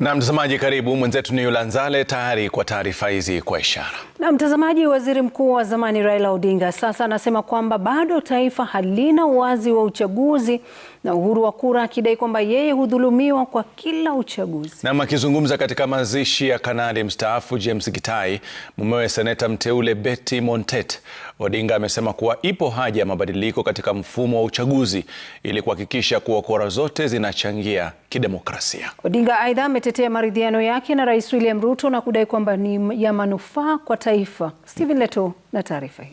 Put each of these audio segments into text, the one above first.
Na mtazamaji, karibu mwenzetu ni Yulanzale tayari kwa taarifa hizi kwa ishara. Na mtazamaji, waziri mkuu wa zamani Raila Odinga sasa anasema kwamba bado taifa halina uwazi wa uchaguzi na uhuru wa kura, akidai kwamba yeye hudhulumiwa kwa kila uchaguzi. Na akizungumza katika mazishi ya kanali mstaafu James Gitai, mumewe seneta mteule Betty Montet, Odinga amesema kuwa ipo haja ya mabadiliko katika mfumo wa uchaguzi ili kuhakikisha kuwa kura zote zinachangia kidemokrasia. Odinga aidha kutetea maridhiano yake na Rais William Ruto na kudai kwamba ni ya manufaa kwa taifa. Stephen Leto na taarifa hii.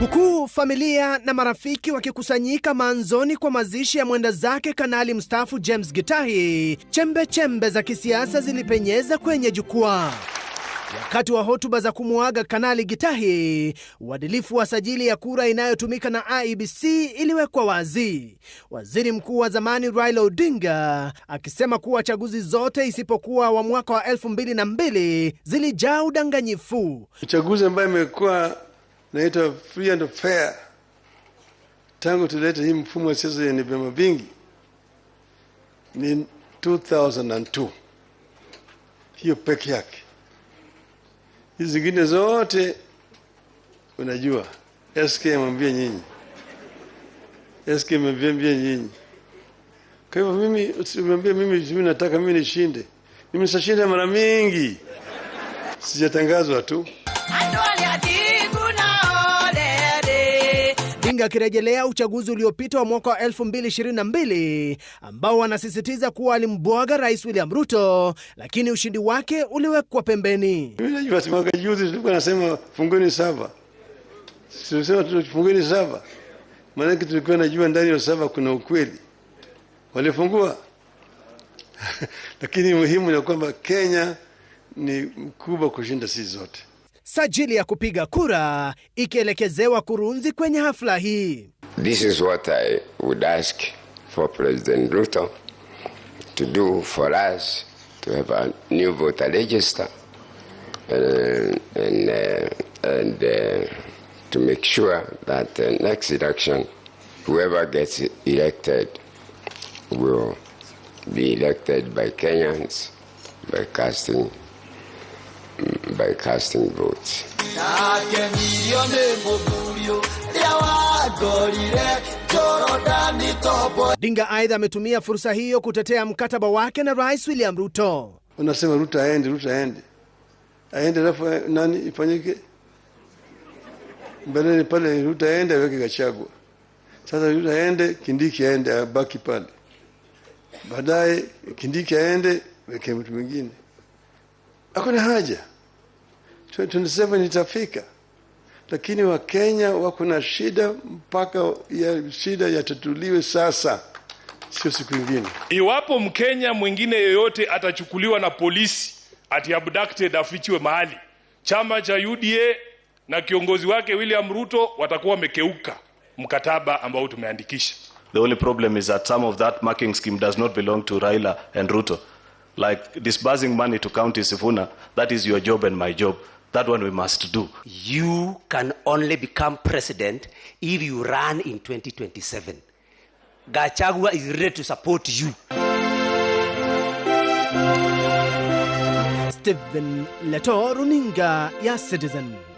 Huku familia na marafiki wakikusanyika manzoni kwa mazishi ya mwenda zake kanali mstaafu James Gitahi, chembe chembe za kisiasa zilipenyeza kwenye jukwaa. Wakati wa hotuba za kumuaga Kanali Gitahi, uadilifu wa sajili ya kura inayotumika na IEBC iliwekwa wazi, waziri mkuu wa zamani Raila Odinga akisema kuwa chaguzi zote isipokuwa wa mwaka wa elfu mbili na mbili zilijaa udanganyifu. Uchaguzi ambayo imekuwa naitwa free and fair tangu tulete hii mfumo wa siasa yenye vyama vingi ni 2002 hiyo peke yake hizi zingine zote unajua SK amwambia nyinyi, SK amwambia nyinyi. Kwa hivyo mimi usimwambie mimi, mimi nataka mimi nishinde. Mimi sashinda mara mingi, sijatangazwa tu Ochieng akirejelea uchaguzi uliopita wa mwaka wa 2022 ambao anasisitiza kuwa alimbwaga Rais William Ruto, lakini ushindi wake uliwekwa pembeni. Mwaka juzi tulikuwa nasema funguni saba, tulisema saba, maanake tulikuwa najua ndani ya saba kuna ukweli, walifungua lakini muhimu ni kwamba Kenya ni mkubwa kushinda sisi zote sajili ya kupiga kura ikielekezewa kurunzi kwenye hafla hii. This is what I would ask for President Ruto to do for us to have a new voter register and, and, uh, and uh, to make sure that the next election whoever gets elected will be elected by Kenyans by casting by casting votes. Dinga aidha ametumia fursa hiyo kutetea mkataba wake na Rais William Ruto. Unasema Ruto aende, Ruto aende, aende, alafu eh, nani ifanyike? Mbeleni pale Ruto aende, aweke Gachagua. Sasa Ruto aende, Kindiki aende, abaki pale, baadaye Kindiki aende, weke mtu mwingine hakuna haja 2027 itafika, lakini Wakenya wako na shida mpaka ya shida yatatuliwe sasa, sio siku ingine. Iwapo Mkenya mwingine yeyote atachukuliwa na polisi ati abducted, afichiwe mahali, chama cha UDA na kiongozi wake William Ruto watakuwa wamekeuka mkataba ambao tumeandikisha. The only problem is that some of that marking scheme does not belong to Raila and Ruto like disbursing money to County Sifuna, that is your job and my job. That one we must do. You can only become president if you run in 2027. Gachagua is ready to support you. Stephen Leto, runinga ya Citizen.